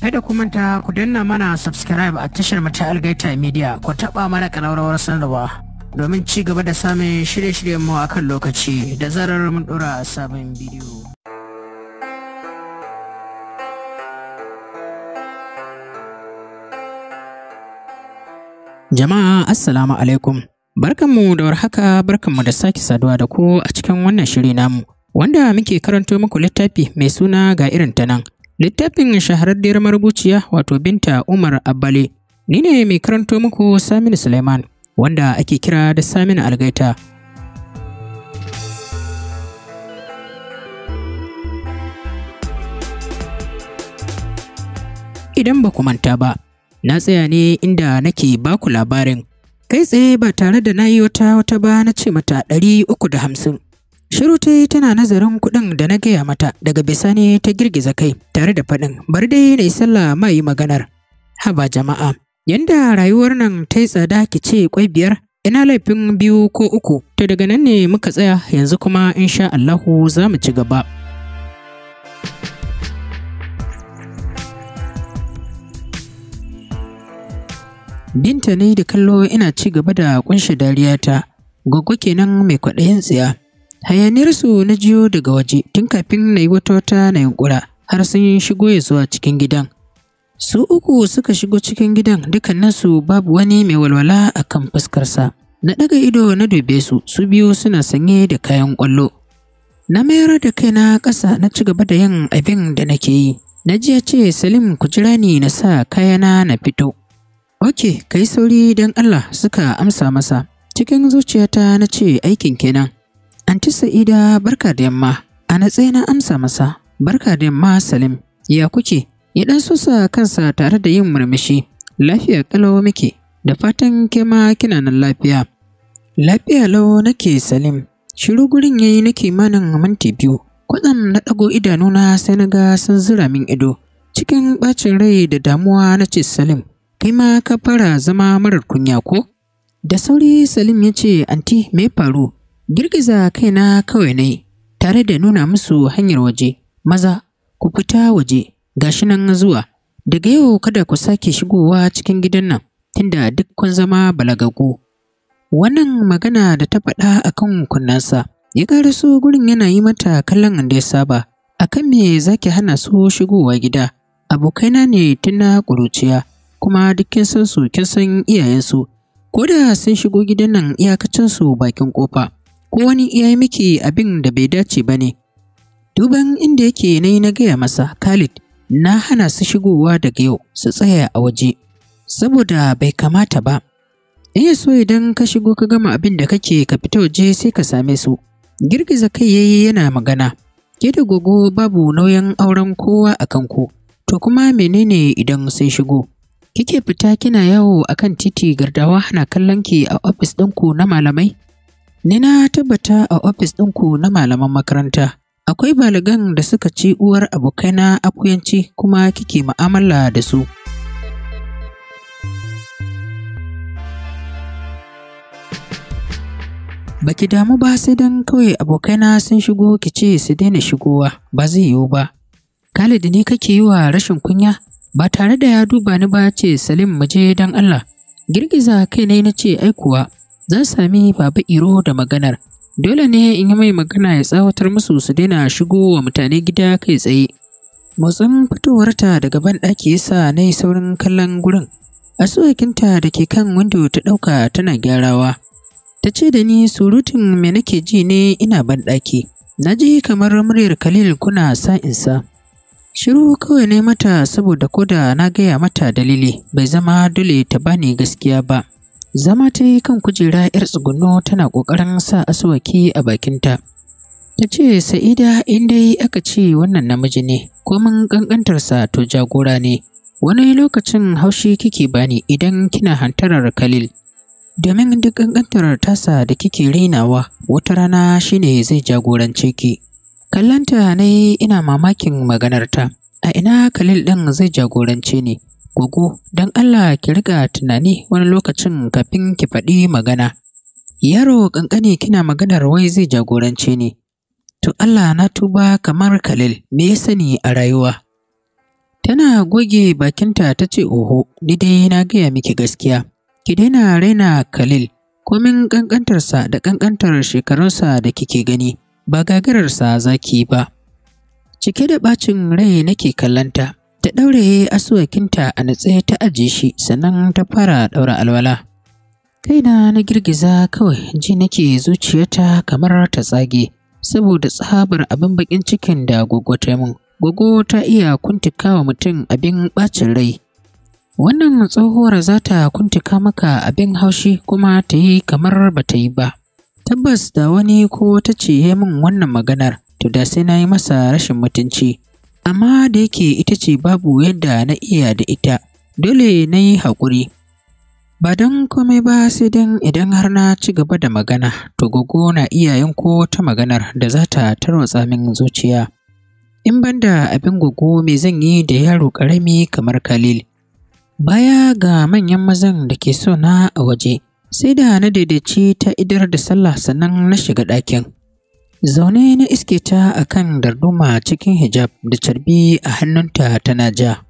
kada ku manta ku danna mana subscribe a tashar mata algaita media ku taba mana kanaurawar sanarwa domin ci gaba da samun shirye-shiryen mu akan lokaci da zarar mun dora sabon bidiyo jama'a assalamu alaikum barkanmu da warhaka barkanmu da sake saduwa da ku a cikin wannan shiri namu wanda muke karanto muku littafi mai suna ga irin ta nan Littafin shahararriyar marubuciya wato Binta Umar Abbali, Ni ne mai karanto muku Saminu Suleiman wanda ake kira da Saminu Algaita. Idan ba ku manta ba, na tsaya ne inda nake baku labarin. Kai tsaye ba tare da na yi wata wata ba na ce mata ɗari uku da hamsin. Shiru ta yi tana nazarin kuɗin da na gaya mata daga bisani ta girgiza kai tare da faɗin bari dai na yi sallah ma yi maganar. Haba jama'a, yanda rayuwar nan ta yi tsada ki ce kwai biyar ina laifin biyu ko uku to daga nan ne muka tsaya yanzu kuma in sha Allahu za mu ci gaba. Binta ne da kallo ina ci gaba da kunshi dariyata, gwaggo kenan mai kwaɗayin tsiya. Hayaniyarsu na jiyo daga waje tun kafin na yi wata wata na yunƙura har sun shigo ya zuwa cikin gidan. Su uku suka shigo cikin gidan dukkaninsu babu wani mai walwala a kan fuskarsa. Na ɗaga ido na dube su, su biyu suna sanye da kayan ƙwallo. Na mayar da kaina ƙasa na ci gaba da yin abin da nake yi. Na ji ya ce Salim ku jira ni na sa kayana na fito. Ok, kai sauri don Allah suka amsa masa. Cikin zuciyata na ce aikin kenan. Anti Sa'ida barka da yamma, a natsaye na amsa masa, barka da yamma Salim, ya kuke? Ya dan susa kansa tare da yin murmushi, lafiya kalau muke, da fatan ke ma kina nan lafiya. Lafiya lau nake Salim, shiru gurin yayi na kimanin minti biyu, kwatsam na idanu na sai na ga sun zura min ido. Cikin ɓacin rai da damuwa na ce Salim, kai ma ka fara zama marar kunya ko? Da sauri Salim ya ce, Anti, me faru? Girgiza kaina kawai ne tare da nuna musu hanyar waje, maza, ku fita waje, gashi nan zuwa. Daga yau kada ku sake shigowa cikin gidan nan, tunda duk kun zama balagagu. Wannan magana da ta faɗa akan kan sa, ya su gurin yana yi mata kallon da ya saba, a kan me za ki hana su shigowa gida, abokaina ne tun na ƙuruciya, kuma duk kin san su kin san iyayensu, ko da sun shigo gidan nan iyakacinsu bakin ƙofa. ko wani ya yi miki abin da bai dace ba ne duban inda yake na na gaya masa khalid na hana su shigowa daga yau su tsaya a waje saboda bai kamata ba in so idan ka shigo ka gama abin da kake ka fita waje sai ka same su girgiza kai yayi yana magana ke da gogo babu nauyin auren kowa a kanku to kuma menene idan sai shigo kike fita kina yawo akan titi gardawa hana kallon ki a ofis ɗinku na malamai Ni na tabbata a ofis ɗinku na malaman makaranta akwai baligan da suka ci uwar abokaina akuyanci kuma kike ma'amala da su. Baki damu ba sai don kawai abokaina sun shigo ki ce su daina shigowa ba zai yiwu ba. Khalid ne kake yi wa rashin kunya ba tare da ya duba ni ba ce Salim mu je don Allah. Girgiza kai ne na ce ai kuwa zan sami baba iro da maganar dole ne in yi mai magana ya tsawatar musu su daina shigo wa mutane gida kai tsaye motsin fitowarta daga ban ɗaki yasa na saurin kallon gurin asuwakinta da ke kan windo ta ɗauka tana gyarawa ta ce da ni surutun me nake ji ne ina ban ɗaki na ji kamar muryar khalil kuna sa shiru kawai ne mata saboda koda na gaya mata dalili bai zama dole ta bani gaskiya ba Zama ta yi kan kujera 'yar tsuguno tana ƙoƙarin sa asuwaki a bakinta. Ta ce, Sa'ida, in dai aka ce wannan namiji ne, komin ƙanƙantarsa to jagora ne. Wani lokacin haushi kike bani idan kina hantarar Khalil. Domin duk ƙanƙantar tasa da kike rainawa, wata rana shine zai jagorance ki. Kallanta ne ina mamakin maganarta. A ina Khalil ɗin zai jagorance ne? Gogo, don Allah ki riƙa tunani wani lokacin kafin ki faɗi magana. Yaro ƙanƙani kina maganar wai zai jagorance ni. To Allah na tuba kamar Khalil, me ya sani a rayuwa? Tana goge bakinta ta ce oho, ni dai na gaya miki gaskiya. Ki daina raina Khalil, komin ƙanƙantarsa da ƙanƙantar shekarunsa da kike gani, ba gagararsa zaki ba. Cike da ɓacin rai nake kallanta, ta ɗaure asuwakinta a natse ta ajiye shi sannan ta fara ɗaura alwala kaina na girgiza kawai ji nake zuciyata kamar ta tsage saboda tsabar abin bakin cikin da gogo ta mun gogo ta iya kuntukawa mutum abin bacin rai wannan tsohuwar za ta kuntuka maka abin haushi kuma ta yi kamar ba ta yi ba tabbas da wani ko ta ce min wannan maganar to da sai na yi masa rashin mutunci amma da yake ita ce babu yadda na iya da ita dole na yi haƙuri ba don komai ba sai don idan har na ci gaba da magana to gogo na iya yanko ta maganar da za ta tarwatsa min zuciya in banda abin gogo mai zan yi da yaro ƙarami kamar khalil baya ga manyan mazan da ke so na a waje sai da na daidaici ta idar da sallah sannan na shiga ɗakin Zaune na iske ta a kan darduma cikin hijab da carbi a hannunta tana ja.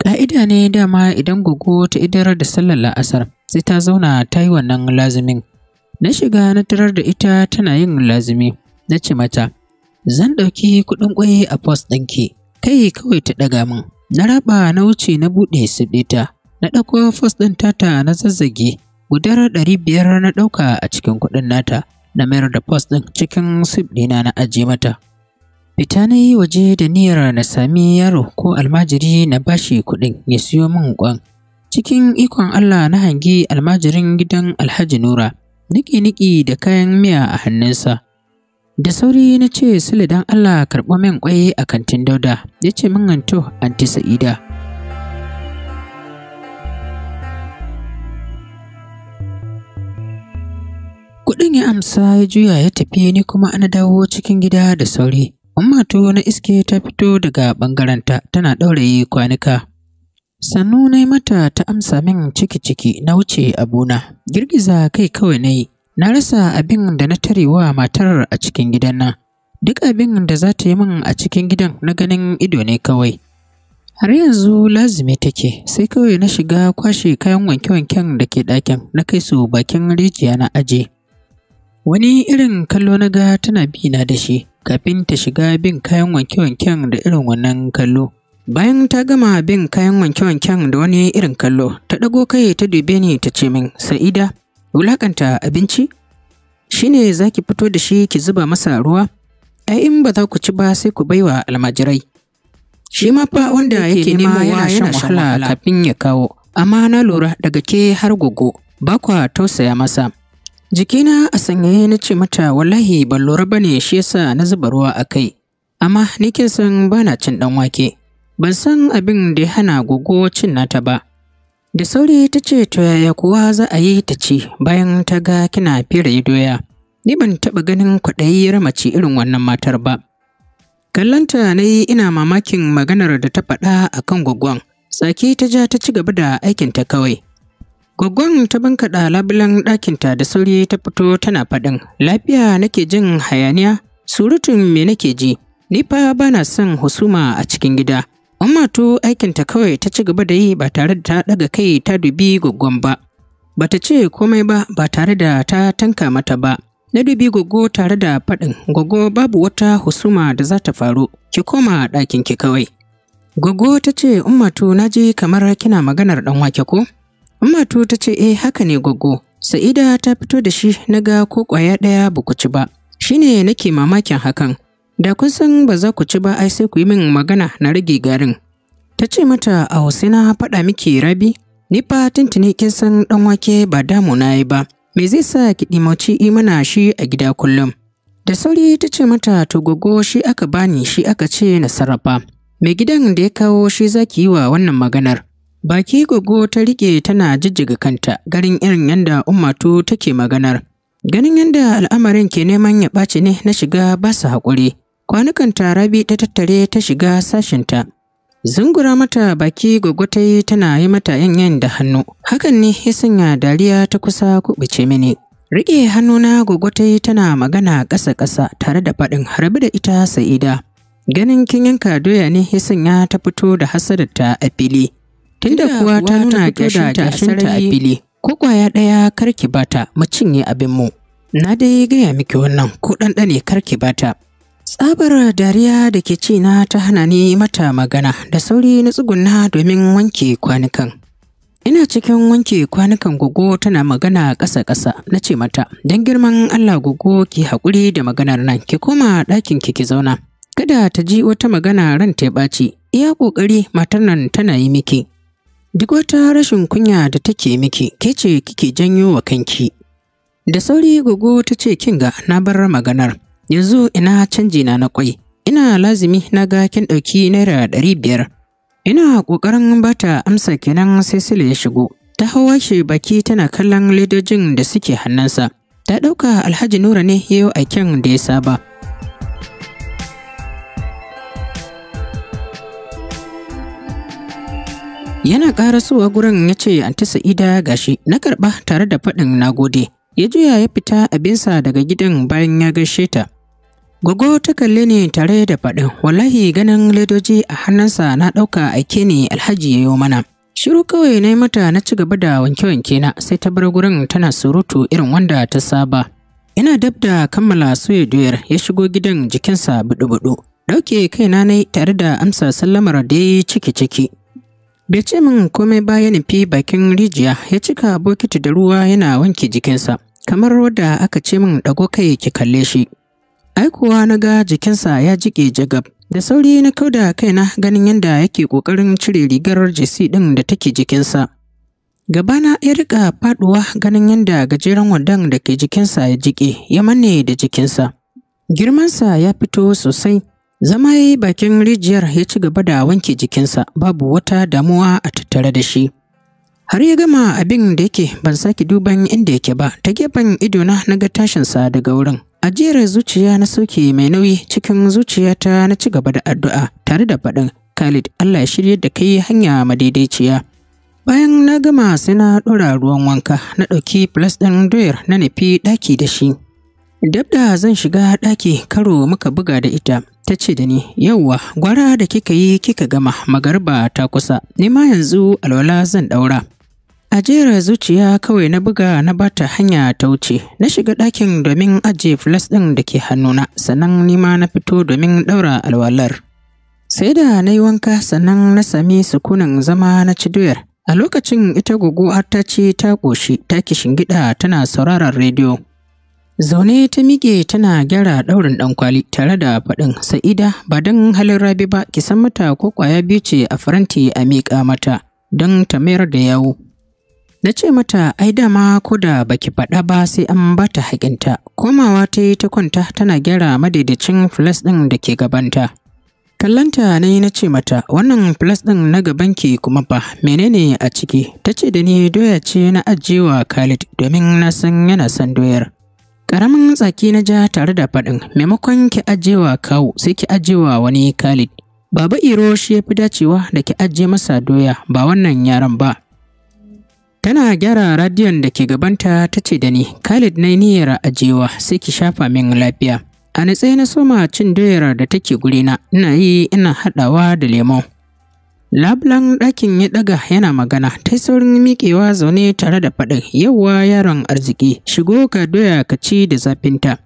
Ƙa'ida ne dama idan gogo ta idar da sallar la'asar sai ta zauna ta yi wannan lazumin. Na shiga na tarar da ita tana yin lazumi, na ce mata, Zan ɗauki kuɗin ƙwai a post ɗinki, kai kawai ta ɗaga min. Na raba na wuce na buɗe su ta, na ɗauko post ɗin tata na zazzage, gudar ɗari biyar na ɗauka a cikin kuɗin nata. na mayar da post ɗin cikin sweep ɗina na ajiye mata. Fita na yi waje da niyyar na sami yaro ko almajiri na bashi kuɗin ya siyo min kwan. Cikin ikon Allah na hangi almajirin gidan Alhaji Nura, niki-niki da kayan miya a hannunsa. Da sauri na ce Sule dan Allah karɓo min kwai a kantin dauda, ya ce min to anti Sa'ida. kuɗin ya amsa ya juya ya tafi ni kuma ana dawo cikin gida da sauri. Ummatu na iske ta fito daga ɓangaranta, tana ɗauraye kwanuka. Sannu na yi mata ta amsa min ciki-ciki na wuce abuna. Girgiza kai kawai na yi. Na rasa abin da na tare wa matar a cikin gidan nan. Duk abin da za ta yi min a cikin gidan na ganin ido ne kawai. Har yanzu lazumi take, sai kawai na shiga kwashe kayan wanke-wanken da ke ɗakin na kai su bakin rijiya na aje. Wani irin kallo na ga tana bi da shi kafin ta shiga bin kayan wanke-wanken da irin wannan kallo. Bayan ta gama bin kayan wanke-wanken da wani irin kallo, ta ɗago kai ta dube ni ta ce min, Sa'ida, wulakanta abinci? shine ne za ki fito da shi ki zuba masa ruwa? Ai in ba za ku ci ba sai ku baiwa almajirai. Shi ma fa wanda yake nema yana shan wahala kafin ya kawo, amma na lura daga ke har gogo, ba kwa tausaya masa. Jikina a sanyaye na ce mata wallahi ban lura ba ne shi yasa na zuba ruwa a kai. Amma ni kin san ba na cin ɗan wake. Ban san abin da ya hana gogo cin nata ba. Da sauri ta ce to yaya kuwa za a yi ta ci bayan ta ga kina fere doya. Ni ban taɓa ganin kwaɗayi mace irin wannan matar ba. Kallanta na yi ina mamakin maganar da ta faɗa a kan gwaggon. Tsaki ta ja ta ci gaba da aikinta kawai. Gwaggon ta bankaɗa labulan ɗakinta da sauri ta fito tana faɗin, lafiya nake jin hayaniya, surutun me nake ji, ni fa ba na son husuma a cikin gida. Amma to aikinta kawai ta ci gaba da yi ba tare da ta ɗaga kai ta dubi gwaggon ba. Ba ta ce komai ba ba tare da ta tanka mata ba. Na dubi gwaggo tare da faɗin gwaggo babu wata husuma da za ta faru, ki koma ɗakin ki kawai. Gwaggo ta ce ummatu na ji kamar kina maganar ɗan wake ko? Ammatu ta ce eh haka ne gwaggo. Sa'ida ta fito da shi na ga ko ƙwaya ɗaya ba ku ci ba. Shi ne nake mamakin hakan. Da kun san ba za ku ci ba ai sai ku yi min magana na rage garin. Ta ce mata a wasu na faɗa miki rabi. Ni fa tuntuni kin san ɗan wake ba damu na yi ba. Me zai sa ki ɗimauci imana shi a gida kullum? Da sauri ta ce mata to gogo shi aka bani shi aka ce na sarrafa. Mai gidan da ya kawo shi za ki yi wa wannan maganar. Baki gogo ta riƙe tana jijjiga kanta garin irin yadda ummatu take maganar. Ganin yadda al'amarin ke neman ya ɓaci ne na shiga ba su haƙuri. Kwanukan tarabi ta tattare ta shiga sashinta. Zungura mata baki gogo ta yi tana yi mata yanyan da hannu. Hakan ne ya sanya dariya ta kusa kuɓuce mini. Riƙe hannuna gogo ta yi tana magana ƙasa-ƙasa tare da faɗin harbi da ita sa'ida. Ganin kin yanka doya ne ya sanya ta fito da hasadarta a fili. tunda kuwa ta nuna gashinta a sarari fili ko kwaya ɗaya karki bata mu cinye abin mu na dai gaya miki wannan ko ɗanɗane karki bata tsabar dariya da ke ci na ta hana ni mata magana da sauri na tsuguna domin wanke kwanukan ina cikin wanke kwanukan gogo tana magana ƙasa-ƙasa na ce mata don girman allah gogo ki haƙuri da maganar nan ki koma ɗakin ki ki zauna kada ta ji wata magana ran ta ɓaci iya ƙoƙari matar nan tana yi miki Duk wata rashin kunya da take miki, ke ce kike janyo wa kanki. Da sauri gugu ta ce ga na bar maganar, yanzu ina canji na na kwai, ina lazimi na ga kin ɗauki naira ɗari biyar. Ina ƙoƙarin bata amsa kenan sai Sule ya shigo. Ta hawa shi baki tana kallon ledojin da suke hannunsa. Ta ɗauka Alhaji Nura ne yi aikin da ya saba. Yana ƙarasowa gurin ya ce Anti Sa'ida gashi na karɓa tare da faɗin nagode. Ya juya ya fita abinsa daga gidan bayan ya gaishe ta. Gogo ta kalle ne tare da faɗin wallahi ganin ledoji a hannunsa na ɗauka aike ne alhaji ya yi mana. Shiru kawai na yi mata na ci gaba da wanke-wanke na sai ta bar gurin tana surutu irin wanda ta saba. Ina dab da kammala soya doyar ya shigo gidan jikinsa buɗu-buɗu. Ɗauke kaina na tare da amsa sallamar da ya yi ciki-ciki. bai ce min komai ba ya nufi bakin rijiya ya cika bokiti da ruwa yana wanke jikinsa kamar wadda aka ce min ɗago kai ki kalle shi aikuwa na ga jikinsa ya jike jagab da sauri na kauda kaina ganin yadda yake ƙoƙarin cire rigar jesi ɗin da take jikinsa gabana ya riƙa faɗuwa ganin yadda gajeren wandon da ke jikinsa ya jike ya manne da jikinsa girmansa ya fito sosai Zamai, bakin rijiyar ya ci gaba da wanke jikinsa babu wata damuwa a tattare da shi. Har ya gama abin da yake ban sake duban inda yake ba, ta gefen idona na ga tashinsa daga wurin. Ajiyar zuciya na soke mai nauyi cikin zuciyata na ci gaba da addu'a tare da faɗin Khalid Allah ya shirye da kai hanya ma daidaiciya. Bayan na gama sai na ɗora ruwan wanka na ɗauki plus ɗin doyar na nufi ɗaki da shi. Dab zan shiga ɗaki karo muka buga da ita ta ce da ni yauwa gwara da kika yi kika gama magarba ta kusa ni ma yanzu alwala zan ɗaura a jera zuciya kawai na buga na bata hanya ta wuce na shiga ɗakin domin ajiye flas ɗin da ke hannuna sannan ni ma na fito domin ɗaura alwalar sai da na yi wanka sannan na sami sukunan zama na ci doyar a lokacin ita gugu ta ce ta ƙoshi ta kishin gida tana sauraron rediyo Zaune ta miƙe tana gyara ɗaurin ɗankwali tare da faɗin Sa'ida ba don halin rabi ba ki san mata ko kwaya biyu ce a faranti a miƙa mata don ta mayar da yawo. Na ce mata ai dama ko da baki faɗa ba sai an ba ta haƙinta komawa ta yi ta kwanta tana gyara madaidacin filas ɗin da ke gabanta. Kallanta na yi na ce mata wannan filas ɗin na gabanki kuma ba menene a ciki ta ce da ni doya ce na ajiyewa Khalid domin na san yana son doyar. Ƙaramin tsaki na ja tare da faɗin maimakon ki ajewa kawo sai ki ajewa wani Khalid. Baba Iro shi ya fi dacewa da ki aje masa doya ba wannan yaran ba. Tana gyara radiyon da ke gabanta ta ce da ni Khalid na niyyar ajewa sai ki shafa min lafiya. A na soma cin doyar da take gurina ina yi ina haɗawa da lemon. Lablan ɗakin ya ɗaga yana magana, ta saurin miƙewa zaune tare da faɗin yawa yaron arziki, shigo ka doya ka ci da zafinta.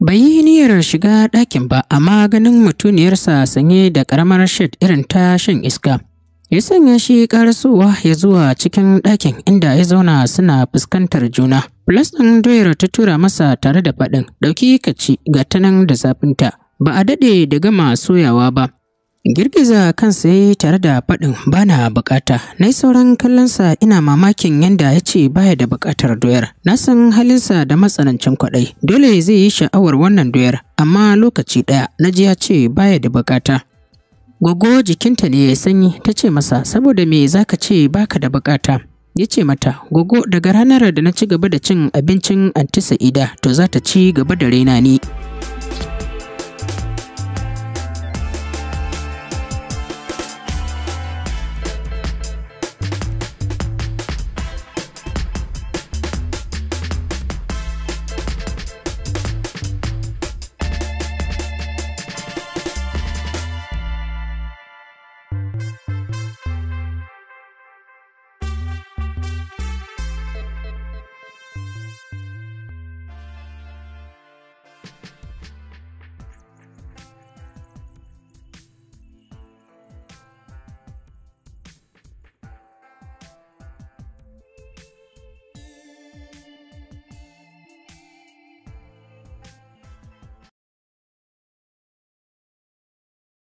Bai yi niyyar shiga ɗakin ba, amma ganin mutuniyarsa sanye da ƙaramar shed irin ta shan iska. Ya sanya shi ƙarasowa ya zuwa cikin ɗakin inda ya zauna suna fuskantar juna. Plus ɗin doyar ta tura masa tare da faɗin ɗauki ka ci ga tanan da zafinta. Ba a daɗe da gama soyawa ba, girgiza kansa yayi tare da faɗin ba na bukata na yi sauran kallonsa ina mamakin yadda ya ce baya da bukatar doyar na san halinsa da matsanancin kwaɗai dole zai yi sha'awar wannan doyar amma lokaci ɗaya na ji ya ce baya da bukata Gwaggo jikinta ne ya sanyi ta ce masa saboda me zaka ce baka da bukata ya ce mata gwaggo daga ranar da na ci gaba da cin abincin anti sa'ida to za ta ci gaba da raina ne